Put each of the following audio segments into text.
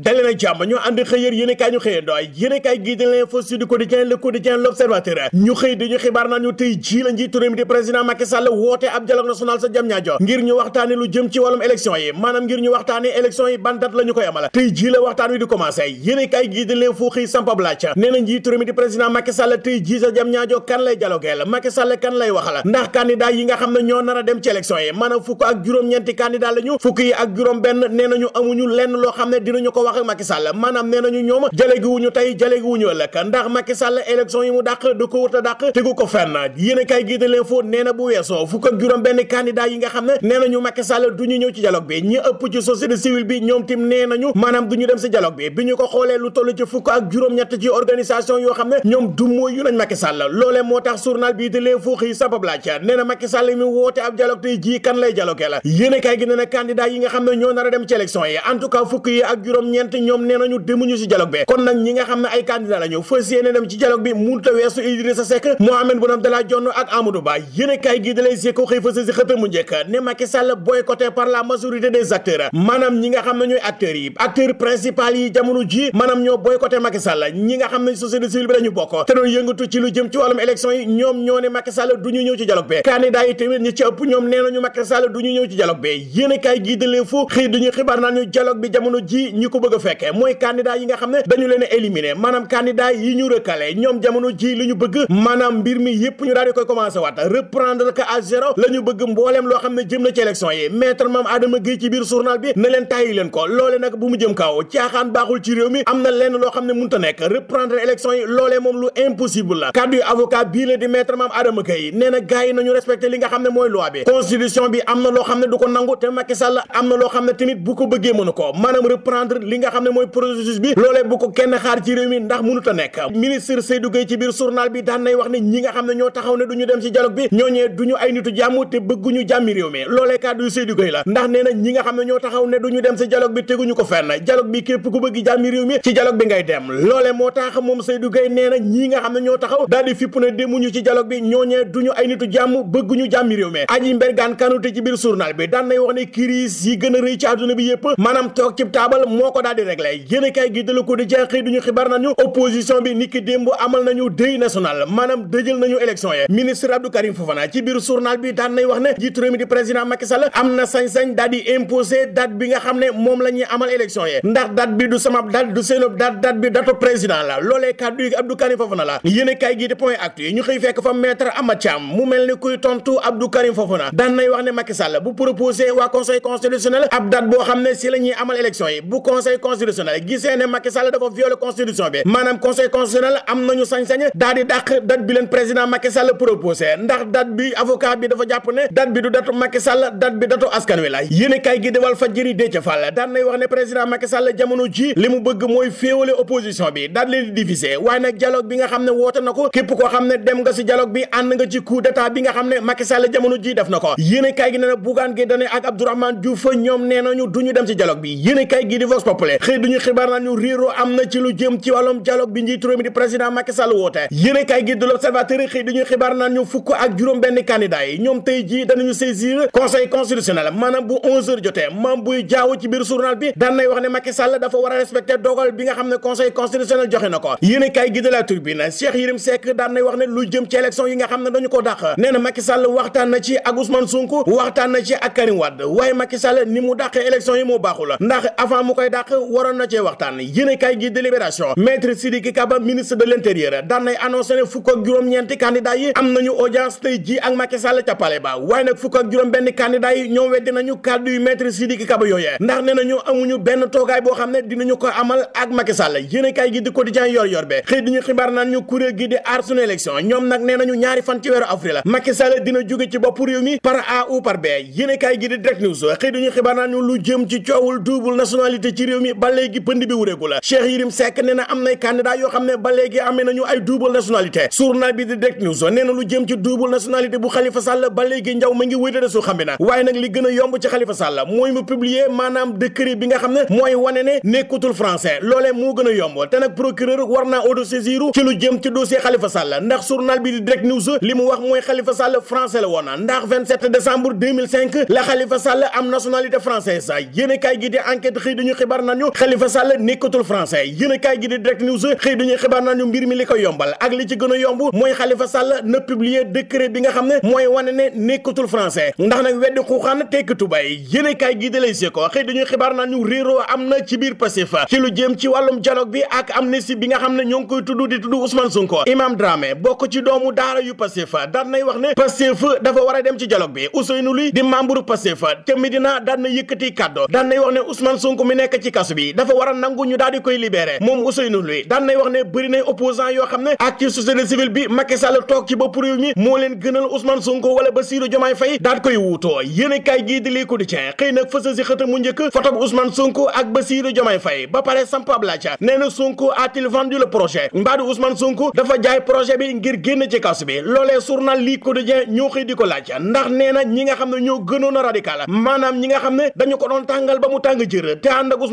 dalee nag jàmm ñoo ànd xëyër yéen ñu xëyandoo yéen kaay gii di l'info Sud Quotidien Le Quotidien L'Observateur ñu xëy di xibaar naa ñu tey la njiitu mi di président Macky Sall woote ab sa jam ñaajo ngir ñu waxtaane la ñu la kan lay dialogueel Macky ndax candidat yi nga xam ne ñoo nar a dem ci élection yi maanaam fukk ak juróom-ñeenti candidat la fukk yi ak juróom benn nee nañu amuñu lenn loo xam ne dinañu ko ko wax ak Macky Sall maanaam nee nañu ñoom jale gi wuñu tey jale gi wuñu ëllëg ndax Macky Sall élection yi mu dàq du ko wut a dàq tegu ko fenn yéen a kaay bu weesoo fukk ak juróom benn candidat yi nga xam ne nee nañu Macky Sall du ñu ñëw ci dialogue bi ñi ëpp ci société maanaam du ñu dem si dialogue bi bi ñu ko xoolee lu toll ci fukk ak juróom-ñett ci organisation yoo xam ne ñoom du mooy yu nañ Macky Sall moo tax journal bii de l'info xëy sabab laa ca nee na Macky Sall mi woote ab dialogue tey jii kan lay dialogue la yéen a kaay gi nee na candidat yi nga xam ne ñoo nar dem ci élection yi en tout fukk yi ak juróom ñeent ñoom nee nañu demuñu ci dialogue bi kon nag ñi nga xam ne ay candidat la ñu fas yéene dem ci dialogue bi munta mu njëkk ne Macky Sall boycotté par la yi acteurs principal yi jamono ji maanaam ñoo boycotté Macky Sall ñi nga xam ne société civile bi dañu bokk te doon yëngatu ci lu jëm ci wàllum élection yi ñoom ñoo ne Macky Sall du ñu ñëw ci dialogue bi candidat yi tamit ñi ci ëpp ñoom nee fu xëy duñu xibaar naan ñu bi jamono ji ñi ko bëgg a fekkee mooy candidat yi nga xam ne dañu leen éliminé maanaam candidat yi ñu recalé ñoom jamono ji li ñu bëgg maanaam mbir mi yëpp ñu daal di koy commencé waat reprendre que à zéro la bëgg mbooleem loo xam ne jëm na ci élection yi maître Mame Adama Guèye ci biir journal bi ne leen tàyyi leen ko loole nag bu mu jëm kaw caaxaan baaxul ci réew mi am na lenn loo xam ne mënta nekk reprendre élection yi loolee moom lu impossible la kàddu yi nañu li nga xam ne mooy loi bi ne du ko nangu li nga xam ne mooy processus bi loole bu ko kenn xaar ci réew mi ndax mënut a nekk ministre Seydou Gueye ci biir journal bi daan nay wax ne ñi nga xam ne ñoo taxaw ne du ñu dem ci bi ñooñee du ñu ay nitu jàmm bëgguñu jàmmi réew mi loolee kàddu Seydou Gueye la ndax nee na ñi nga xam ne ñoo taxaw ne du dem ci dialogue bi ko fenn dialogue bi képp ku bëgg jàmmi réew mi ci dialogue bi ngay dem loolee moo tax moom Seydou Gueye nee na ñi nga xam ne ñoo taxaw daal di fipp ne demuñu ci dialogue bi ñooñee du ñu ay nitu jàmm bëgguñu jàmmi réew mi aji mbergaan kanute ci biir journal bi daan nay wax ne crise yi gën a rëy ci àdduna bi yépp maanaam toog ci taabal moo ko ko daal di réglé yéen a kaay gi de Le xëy duñu xibaar nañu opposition bi niki démb amal nañu deuil national maanaam dëjël nañu élection yi ministre Abdou Karim Fofana la ñuy amal gi di point actu yi ñu xëy fekk fa maître Amath Thiam mu mel ni kuy tontu Abdou Karim Fofana daan nay wax ne Macky Sall bu proposé waa conseil constitutionnel ab date boo xam ne si la amal élection yi bu conseil conseil constitutionnel gisee ne Macky Sall dafa violé constitution bi maanaam conseil constitutionnel am nañu sañ-sañ daal di dàq date bi leen président Macky Sall proposé ndax date bi avocat bi dafa jàpp ne date bi du datu Macky Sall date bi datu askan wi la yéen kay gi di Walf Fadjri Déthié Fall daan nay wax ne président Macky Sall jamono ji li mu bëgg mooy féewale opposition bi daal leen di diviser waaye nag dialogue bi nga xam ne woote na ko képp ko xam ne dem nga si dialogue bi ànd nga ci coup d'état bi nga xam ne Macky Sall jamono ji def na ko yéen kay gi ne na Bougane Gueye Dany ak Abdourahmane Diouf ñoom nee nañu duñu bi Populaire xëy duñu xibaar naan ñu réeroo am na ci lu jëm ci wàllum dialogue bi njiitu réew mi président Macky Sall woote yéene kaay gi de l'Observateur xëy duñu xibaar naan fukk ak juróom benn candidat yi ñoom tey jii danañu saisir conseil constitutionnel maanaam bu 11 heures jotee maam buy jaaw ci biir journal bi daan wax ne Macky Sall dafa war a respecter dogal bi nga xam ne conseil constitutionnel joxe na ko yéene kaay gi de la Tribune Cheikh Yérim ne lu jëm ci ne dañu ko dàq nee na Macky Sall waxtaan na ci ak Ousmane Sonko ni mu dàqee élection yi moo baaxul ndax avant mu waroon na cee waxtaan yéenekaay gi délibération maître Sidiki Kaba ministre de l'intérieur daan nay ne fukk ak juróom-ñeenti candidat yi am nañu audience tey ji ak Macky ca palais ba waaye nag fukk ak juróom-benn candidat yi ñoom weddi nañu kàddu yu maître Sidiki Kaba yooyee ndax ne nañu amuñu benn toogaay boo xam ne dinañu ko amal ak Macky Sall gi di quotidien yor yor be xëy diñu xibaar naan ñu kuréel gi di aar sunu élection ñoom A ou réew ba léegi pënd bi wureegu la Cheikh Yérim Seck nee am nay candidat yoo xam ne ba léegi amee nañu ay double nationalité journal bi di Direct News nee lu jëm ci double nationalité bu Khalifa Sall ba léegi njaw ma ngi wéytade su xam bi waaye nag li gën yomb ci Khalifa Sall mooy mu publier maanaam décret bi nga xam ne mooy wane ne nekkutul français loolee moo gën yomb te nag procureur war naa auto-saisir ci lu jëm ci dossier Khalifa Sall ndax xibaar nañu Khalifa Sall nekkatul français yéen a kaay gi di direct xëy duñuy xibaar nañu mbir mi li koy yombal ak li ci gën a yomb mooy Khalifa Sall na publier décret bi nga xam ne mooy wane ne nekkatul français ndax nag weddi xuuxaan tekki tubay yéen a kaay lay seko xëy duñuy xibaar nañu réeroo am na ci biir Pastef ci lu jëm ci wàllum dialogue bi ak amnistie bi nga xam ne ñoo koy tudd di tudd Ousmane Sonko Imam Dramé bokk ci doomu daara yu Pastef ci kasu bi dafa war a nangu ñu daal di koy libéré moom Ousseynou Ly daan nay wax ne bëri nay yoo xam ne ak ci société civile bi Macky Sall toog ci bopp réew mi moo leen gënal Ousmane Sonko wala Bassirou Diomaye Faye daal koy wuutoo yéen kaay gii di lii quotidien xëy nag fësal si mu njëkk fotob Ousmane Sonko ak Bassirou Diomaye Faye ba pare sampablaaca nee na Sonko a-t-il vendu le projet mbaadu Ousmane Sonko dafa jaay projet bi ngir génn ci kasu bi loolee xam ne ñoo gënoon a radical maanaam ñi nga xam ne dañu ko doon tàngal ba mu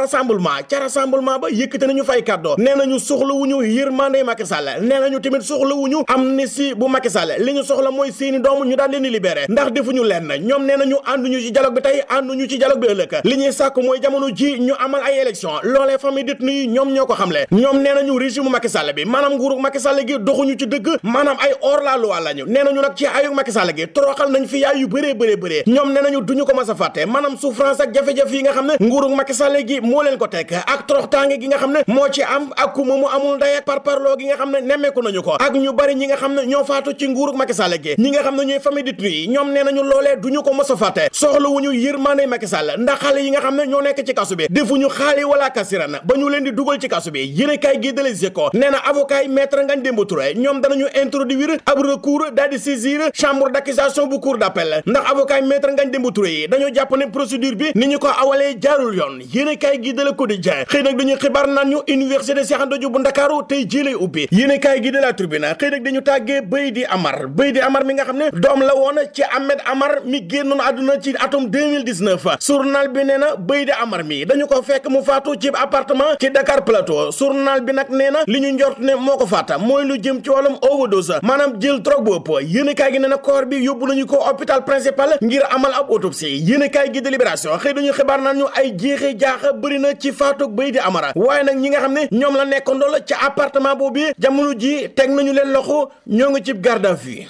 rassemblement ca rassemblement ba yëkkate nañu fay kàddoo nee nañu soxla wu ñu yërmande nee nañu tamit soxla wu ñu amnistie bu Macky li ñu soxla mooy seeni doom ñu daal leen di ndax defuñu leen ñoom nee ci dialogue bi tey ànduñu ci dialogue bi ëllëg li ñuy sàkk mooy jamono ji ñu amal ay élection loolee famille détenu yi ñoom ñoo ko xamle ñoom nee nañu régime Macky bi maanaam nguuru Macky gi doxuñu ci dëgg maanaam ay hors la loi lañu nee nee nañu duñu a moo leen ko teg ak toroxtaange gi nga xam ne moo ci am ak ku mu amul ndey ak parparloo gi nga xam ne nemmeeku nañu ko ak ñu bari ñi nga xam ne ñoo faatu ci nguurug Macky gi ñi nga xam ne yi nga xam ne ñoo nekk ci kasu bi defuñu xaali wala kasirana ba ñu leen di dugal ci kasu bi yéene kaay gi dale si ko nee na avocat yi maître Ngagne Demba Touré ñoom danañu ab recours daal di saisir chambre bu cour d'appel ndax avocat yi maître Ngagne Demba Touré gi de la Quotidien xëy nag dañuy xibaar naan ñu université Cheikh dañu ne na ko fekk mu faatu ci appartement ci Dakar Plateau journal bi nag nee na li ñu njort ne moo ko faata mooy lu jëm ci wàllum overdose maanaam jël drogue boobu yéen kaay gi nee na corps bi yóbbu nañu ko hôpital principal ngir amal ab autopsie yéen gi délibération xëy dañu xibaar naan ñu ay jeexe jaaxa bëri na ci faatug bay di amara waaye nag ñi nga xam ne ñoom la nekkoon loolu ca appartement boobu jamono ji teg nañu leen loxo ñoo ngi cib garde fii